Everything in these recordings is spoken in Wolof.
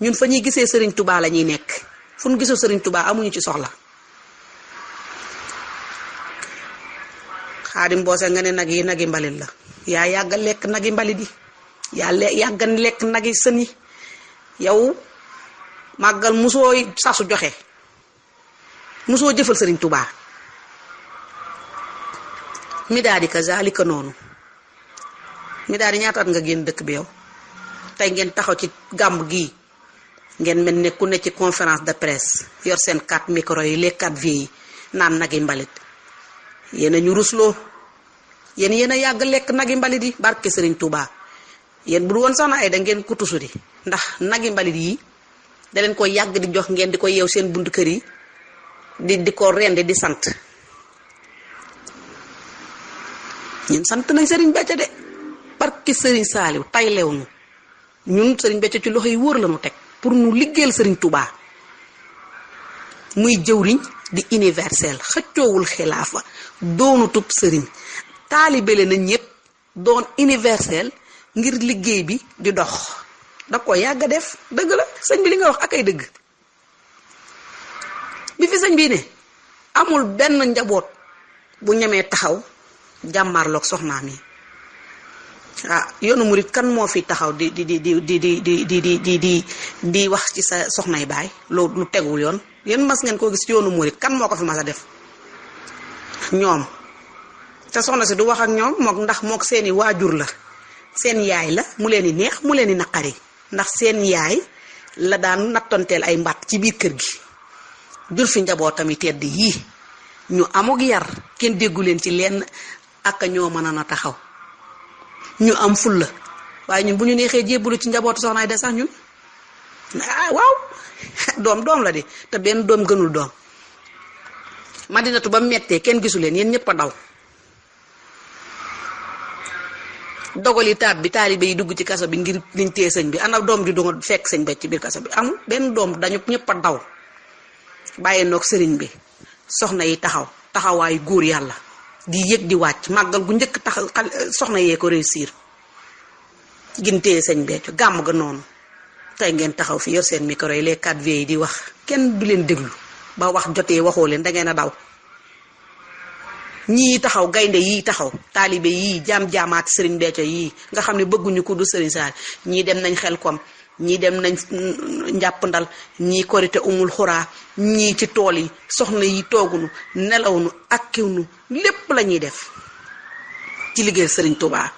ñun fa ñuy gisee sëriñ tubaa la ñuy nekk fu ñu gisoo sëriñ tubaa amuñu ci soxla xaadim boose nga ne nag yi nag yi mbalit la yaa yàgga lekk nag yi mbalit yi yaa yàgga lekk nag yi sën yi yow màggal musoo sasu joxe musoo jëfal sëriñ tubaa mi daal di noonu mi daal di ñaataat nga génn dëkk bi tey ngeen taxaw ci gàmb gii ngeen mel ne ne ci conférence de presse yor seen quatre micro yi les quatre vies yi naan yi mbalit yéen a ñu rusloo yéen yéen a yàgg lekk nagi mbalit yi barke Sëriñ Tuubaa yéen bu du woon sax na ay da ngeen ko tusu di ndax nagi mbalit yi da ko yàgg di jox ngeen di ko yeew seen buntu kër yi di di ko rendi di sant ñun sant nañ Sëriñ Béthio de barke Sëriñ Saaliw taylewuñu ñun Sëriñ Béthio ci loxo yi wóor la ñu teg pour nu liggéeyal sëriñ tubaa muy jëwriñ di universel xëccoowul xilaafa doonu tub sëriñ taalibele na ñépp doon universel ngir liggéey bi di dox da ko yàgg a def dëgg la sëñ bi li nga wax ak ay dëgg bi fi sëñ bii ne amul benn njaboot bu ñamee taxaw jàmmarloog soxnaam yi ah yoonu murit kan moo fi taxaw di di di di di di di di di di di wax ci sa soxnay baay loolu lu teguwul yoon yéen mas ngeen koo gis yoonu murit kan moo ko fi mas a def ñoom te soxna si du wax ak ñoom mook ndax mook seeni waajur la seen yaay la mu leen di neex mu leen di naqari ndax seen yaay la daan nattonteel ay mbatt ci biir kër gi jur fi njabootam yi tedd yii ñu amug yar kenn déggu leen ci lenn ak ñoo mën a na taxaw ñu am fulla waaye ñun bu ñu neexee jébbalu ci njabootu soxnaay de sax ñun ah, waaw doom doom la di te benn doom gënul doom madinatu ba mettee kenn gisu leen yéen ñëpp a daw dogali taab bi taalibe yi dugg ci kaso bi ngir liñ tee sëñ bi ana doom ju doon fekk sëñ ba ci biir kaso bi amul benn doom dañu ñëpp a daw bàyyi noog sëriñ bi soxna yi taxaw taxawaayu góor yàlla di yëg di wàcc màggal gu njëkk tax soxna yee ko réussir gintee sañ beccu gàmm ga noonu tey ngeen taxaw fi yor seen micro yi les 4V yi di wax kenn du leen déglu ba wax jotee waxoo leen da ngeen a daw ñii taxaw gaynde yii taxaw taalibe yii jaam jaamaat sëriñ becco yi nga xam ne bëgguñu ku du sëriñ saar ñii dem nañ xel kom ñii dem nañ njàpp ndal ñii korite umul xuraa ñii ci tool yi soxna yi nelaw nelawunu akkiwunu lépp la ñuy def ci liggéey sëriñ Tuubaa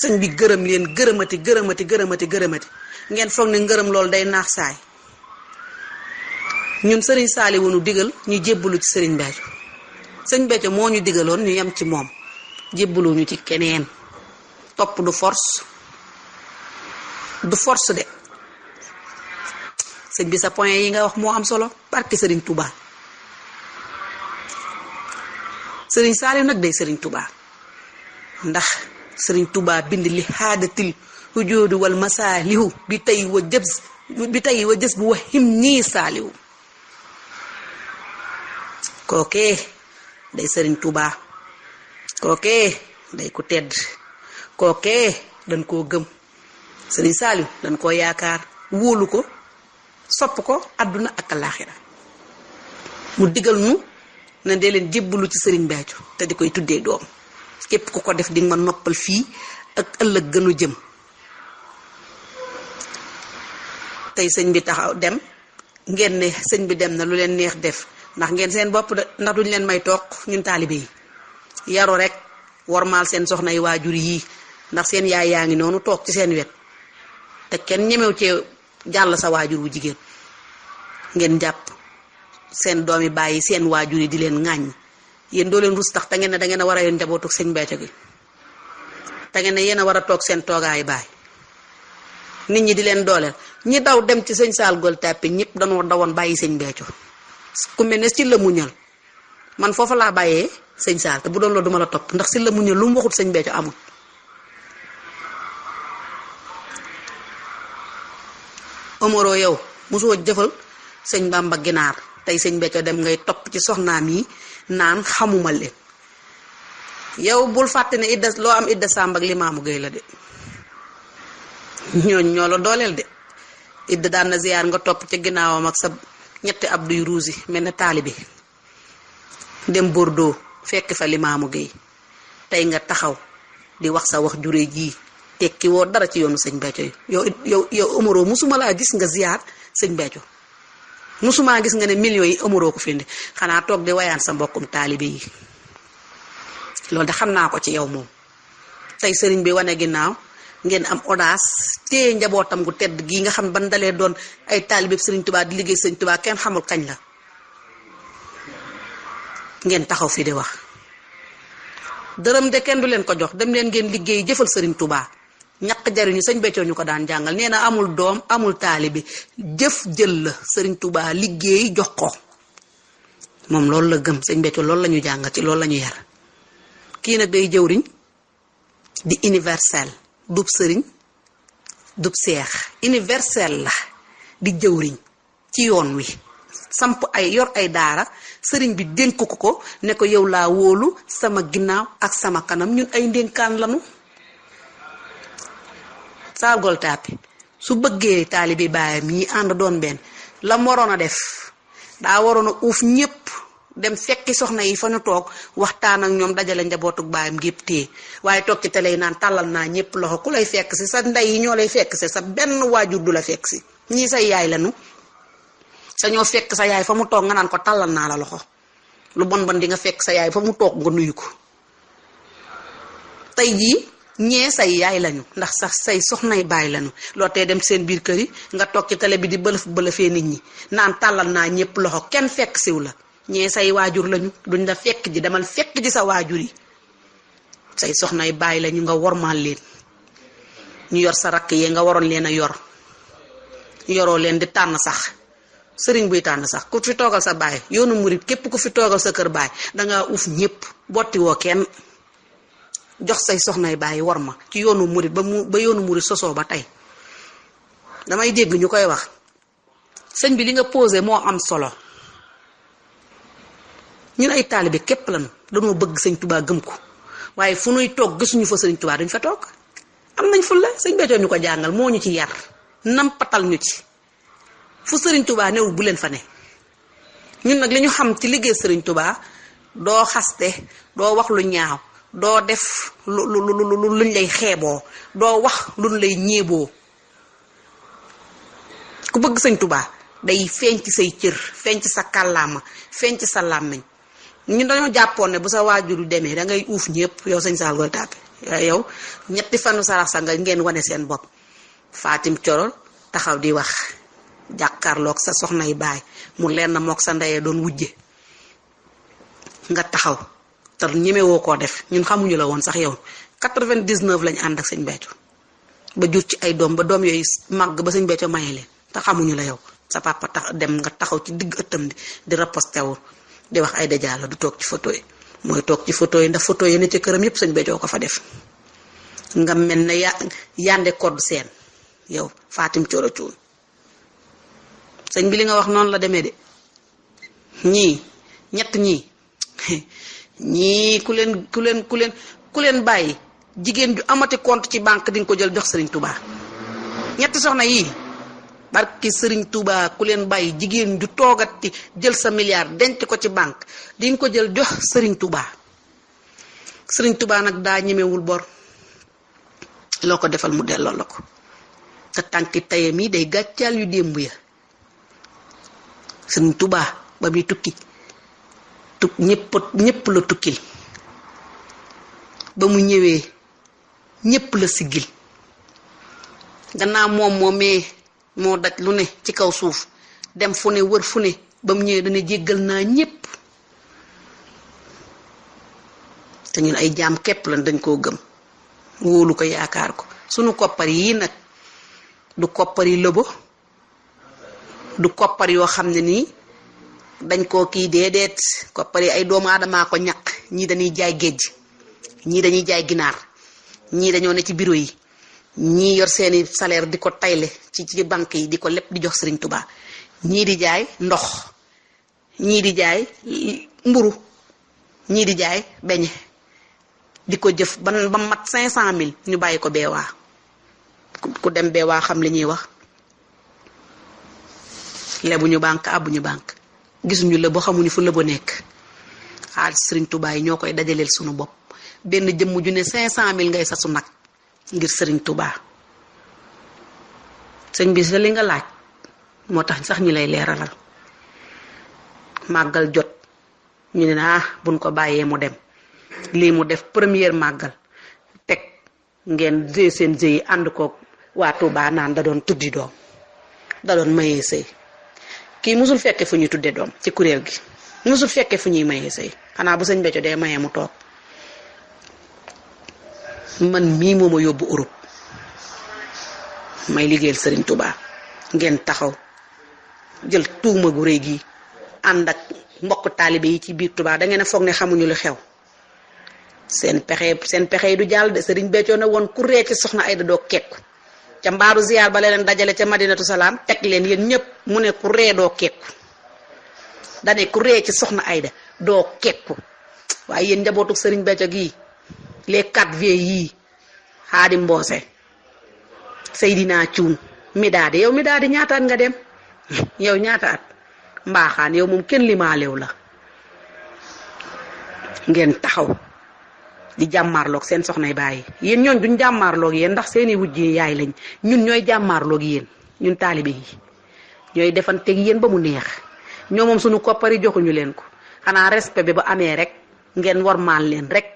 sëñ bi gërëm leen gërëmati gërëmati gërëmati gërëmati ngeen foog ni ngërëm loolu day naax saay ñun sëriñ saali wunu digal ñu jébbalu ci sëriñ Béthio sëñ Béthio moo ñu digaloon ñu yem ci moom jébbaluñu ci keneen topp du force du force de sëñ bi sa point yi nga wax moo am solo barke sëriñ Touba sëriñ Saaliw nag day sëriñ Touba ndax sëriñ tubaa bind li xaadatil hujoodu wal masaalihu bi tey wa jëbs bi tey wa jës bu wa him nii saaliw kookee day sëriñ Touba kookee day ku tedd kookee dañ koo gëm sëriñ Saaliw dañ koo yaakaar wóolu ko sopp ko àdduna ak alaaxira mu digal nu na dee leen jébbalu ci sëriñ Béthio te di koy tuddee doom képp ku ko def di nga ma noppal fii ak ëllëg gënu jëm tey sëñ bi taxaw dem ngeen ne sëñ bi dem na lu leen neex def ndax ngeen seen bopp de ndax duñ leen may toog ñun taalibe yi yaru rek wormaal seen soxna yi waajur yii ndax seen yaay yaa ngi noonu toog ci seen wet te kenn ñemew cee jàll sa waajur wu jigéen ngeen jàpp seen doomi bàyyi seen waajur yi di leen ŋàññ yéen doo leen rus tax te ngeen ne da ngeen a war a yoon njabootu sëñ Béthio gi te ngeen ne yéen a war a toog seen toogaayu baay nit ñi di leen dooleel ñi daw dem ci sëñ Saal Gueule Tapée ñëpp danoo dawoon bàyyi sëñ Béthio ku mel ne si la muñal man foofa laa bàyyee sëñ Saal te bu doon loolu duma la topp ndax si la muñal lu mu waxut sëñ Béthio amul. Omaro yow mosoo jëfal sëñ Bamba ginaar tey sëñ Béthio dem ngay topp ci soxnaam yi naan xamuma leen yow bul fàtte ne idda loo am idda Samb Limaamu Gay la de ñooñ ñoo la dooleel de idda daana na ziyaar nga topp ci ginnaawam ak sa ñetti abduy ruusi mel na taalibi dem Bordeaux fekk fa Limaamu Gay tey nga taxaw di wax sa wax jure jii tekki woo dara ci yoonu sëñ Béthio yi yow yow yow amoroo musuma laa gis nga ziyaar sëñ Béthio musumaa gis nga ne millions yi amoroo ko findi xanaa toog di wayaan sa mbokkum taalibe yi loolu de xam naa ko ci yow moom tey sëriñ bi wane ginnaaw ngeen am audace téye njabootam gu tedd gii nga xam ban dalee doon ay taalibe sëriñ Tuubaa di liggéey sëriñ tubaa kenn xamul kañ la ngeen taxaw fi di wax dërëm de kenn du leen ko jox dem leen ngeen liggéey jëfal sëriñ Tuubaa ñaq jariñu sëñ Béthio ñu ko daan jàngal nee na amul doom amul taali bi jëf jël la sëriñ Touba liggéey jox ko moom loolu la gëm sëñ Béthio lool la ñu jàngal ci loolu lañu yar kii nag day jëwriñ di universel dub sëriñ dub seex iniversel la di jëwriñ ci yoon wi samp ay yor ay daara sëriñ bi dénk ko ko ne ko yow laa wóolu sama ginnaaw ak sama kanam ñun ay ndénkaan lanu saal gol tàppe su bëggee taalibi baayam yi ànd doon benn lam waroon a def daa waroon a uuf ñépp dem fekki soxna yi fa ñu toog waxtaan ak ñoom dajale njabootuk baayam gépp téye waaye toog ci télé naan tàllal naa ñépp loxo lay fekk si sa ndey yi ñoo lay fekk si sa benn waajur du la fekk si ñii say yaay lañu sa ñoo fekk sa yaay fa mu toog nga naan ko tàllal naa la loxo lu bon bon di nga fekk sa yaay fa mu toog nga nuyu ko tey jii ñee say yaay lañu ndax sax say soxnay baay lañu loo tey dem seen biir kër yi nga toog ci télé bi di bëlëf bëlëfee nit ñi naan tàllal naa ñëpp loxo kenn fekk siw la ñee say waajur lañu duñ la fekk ji demal fekk ji sa waajur yi say soxnay baay lañu nga wormaal leen ñu yor sa rakk yee nga waroon leen a yor yoroo leen di tànn sax sëriñ buy tànn sax ku fi toogal sa baay yoonu murit képp ku fi toogal sa kër baay danga uuf ñëpp botti woo kenn jox say soxnay bàyyi war ma ci yoonu murit ba mu ba yoonu murit sosoo ba tey damay dégg ñu koy wax sëñ bi li nga posé moo am solo ñun ay taalibe képp lan dañoo bëgg sëñ tubaa gëm ko waaye fu nuy toog gisuñu fa sëñ tubaa dañ fa toog am nañ fulla sëñ Béthio ñu ko jàngal moo ñu ci yar nampatal ñu ci fu sëriñ tubaa newul bu leen fa ne ñun nag li ñu xam ci liggéey sëriñ tubaa doo xaste doo wax lu ñaaw doo def lu lu lu luñ lay xeeboo doo wax luñ lay ñeeboo ku bëgg sëñ tubaa day feeñ ci say cër feeñ ci sa kàllaama feeñ ci sa làmmiñ ñun dañoo jàppoon ne bu sa waajuru demee da ngay uuf ñëpp yow sëñ Saal Ngoye Tapé yow ñetti fanu sarax sa nga ngeen wane seen bopp Fatim Corol taxaw di wax jàkkaarloog sa soxnay baay mu lenn mook sa ndeyee doon wujje nga taxaw te ñemewoo koo def ñun xamuñu la woon sax yow 99 lañ ànd ak sëñ Béthio ba jur ci ay doom ba doom yooyu màgg ba sëñ Béthio maye leen te xamuñu la yow sa papa tax dem nga taxaw ci digg ëttam di di riposté wu di wax ay dajaalo du toog ci photo yi mooy toog ci photo yi ndax foto yi ne ci këram yépp sëñ Béthio ko fa def nga mel ne ya yande code seen yow faatim Coro Cuun sëñ bi li nga wax noonu la demee de ñii ñett ñii ñii ku leen ku leen ku leen ku leen bàyyi jigéen ju amati compte ci banque di nga ko jël jox Serigne tubaa ñetti soxna yii barki Serigne Touba ku leen bàyyi jigéen ju toogati jël sa milliard denc ko ci banque di ko jël jox Serigne Touba Serigne Touba nag daa ñemewul bor loo ko defal mu delloo la ko te tànki tayam yi day gàccaal yu démb ya Serigne tubaa ba muy tukki. tuk ñëpp ñëpp la tukkil ba mu ñëwee ñépp la siggil gannaaw moom moomee moo daj lu ne ci kaw suuf dem fu ne wër fu ne ba mu ñëwee dana jéggal naa ñépp te ñun ay jaam képp lan dañ koo gëm wóolu ko yaakaar ko sunu koppar yii nag du koppar yi lëbo du koppar yoo xam ne nii dañ koo kii déedéet ko yi ay doomu aadamaa ko ñaq ñii dañuy jaay géej ñii dañuy jaay ginaar ñii dañoo ne ci bureau yi ñii yor seeni salaire di ko tayle ci ci banque yi di ko lépp di jox Sëriñ tubaa ñii di jaay ndox ñii di jaay mburu ñii di jaay beñe di ko jëf ba mat cinq cent mille ñu bàyyi ko beewaa ku dem beewaa xam li ñuy wax lebu ñu bànk abu ñu banque gisuñu la ba xamuñu fu la ba nekk xaalis sëriñ Touba yi ñoo koy dajaleel suñu bopp benn jëmm ju ne 500000 ngay sasu nag ngir sëriñ Touba sëñ bi sa li nga laaj moo tax sax ñi lay leeralal màggal jot ñu ne naa buñ ko bàyyee mu dem lii mu def première màggal peg ngeen seen seen yi ànd ko waa Touba naan da doon tuddi doom da doon mayee sëy kii mosul fekke fu ñuy tuddee doom ci kuréel gi musul fekke fu ñuy mayee sëy xanaa bu sëñ becco dee mayee mu toog man mii mooma yóbbu Europe may liggéeyal sëriñ tubaa ngeen taxaw jël tuuma gu réy gi ànd ak mbokk taalibe yi ci biir Touba dangeen a foog ne xamuñu lu xew seen pexe seen pexe yi du jaal de sëriñ beccoo na woon ku ree ci soxna Ayda doo kekku ca mbaaru ziyaar ba la leen dajale ca madinatu salaam teg leen yéen ñëpp mu ne ku ree doo kekku dane ku ree ci soxna Ayda doo kekku waaye yéen njabootu sëriñ Béthio gii les quatre vieux yii xaadi mboose Seydina Cuun mi daa di yow mi daa di ñaata nga dem yow ñaata at mbaaxaan yow moom kenn limaalew la ngeen taxaw di jàmmaarloog seen soxna bàyyi yéen ñooñ duñ jàmmaarloog yéen ndax seeni wujj yaay lañ ñun ñooy jàmmaarloog yéen ñun taalibe yi ñooy defanteeg yéen ba mu neex ñoo moom suñu koppari joxuñu leen ko xanaa respect bi ba amee rek ngeen warmaal leen rek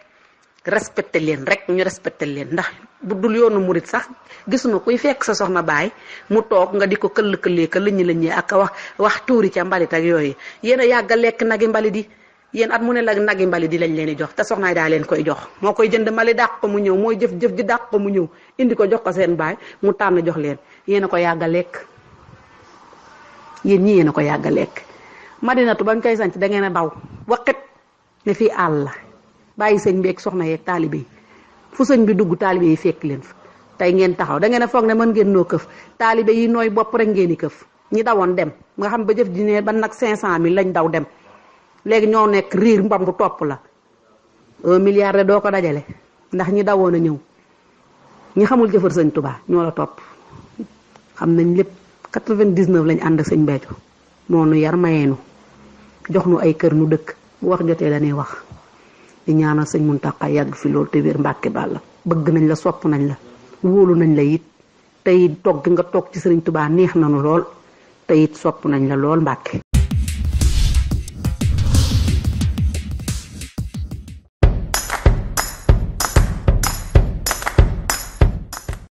respecté leen rek ñu respecté leen ndax bu dul yoonu murit sax gisuma kuy fekk sa soxna baay mu toog nga di ko këll këllee këll ñi la ñee ak wax wax tuuri ca mbalit ak yooyu yéen a yàgg a lekk nag i mbalit yi yéen at mu ne la nagi mbali di lañ leen di jox te soxnaay daal leen koy jox moo koy jënd mbali dàq ko mu ñëw mooy jëf jëf ji dàq ko mu ñëw indi ko jox ko seen baay mu tànn jox leen yéen a ko yàgg a lekk yéen ñi yéen a ko yàgg a lekk madinatu bañ koy sanc da ngeen a daw waqit ne fii àll la bàyyi sëñ bi ak soxna yeeg taalibe yi fu sëñ bi dugg taalibe yi fekk leen fa tey ngeen taxaw da ngeen foog ne mën ngeen noo këf taalibe yi nooy bopp rek ngeen i këf ñi dawoon dem nga xam ba jëf ji ne ba nag 500000 lañ daw dem léegi ñoo nekk riir mbambu topp la un milliard doo ko dajale ndax ñi dawoon a ñëw ñi xamul jëfar sañ tubaa ñoo la topp xam nañ lépp 99 lañ ànd ak sëñ Béthio moo nu yar mayeenu jox nu ay kër nu dëkk bu wax jotee dañuy wax di ñaanal sëñ Muntaxa yàgg fi loolu te wér Mbàkke Bàlla bëgg nañ la sopp nañ la wóolu nañ la it tey togg nga toog ci sañ tubaa neex nanu lool te it sopp nañ la lool Mbàkke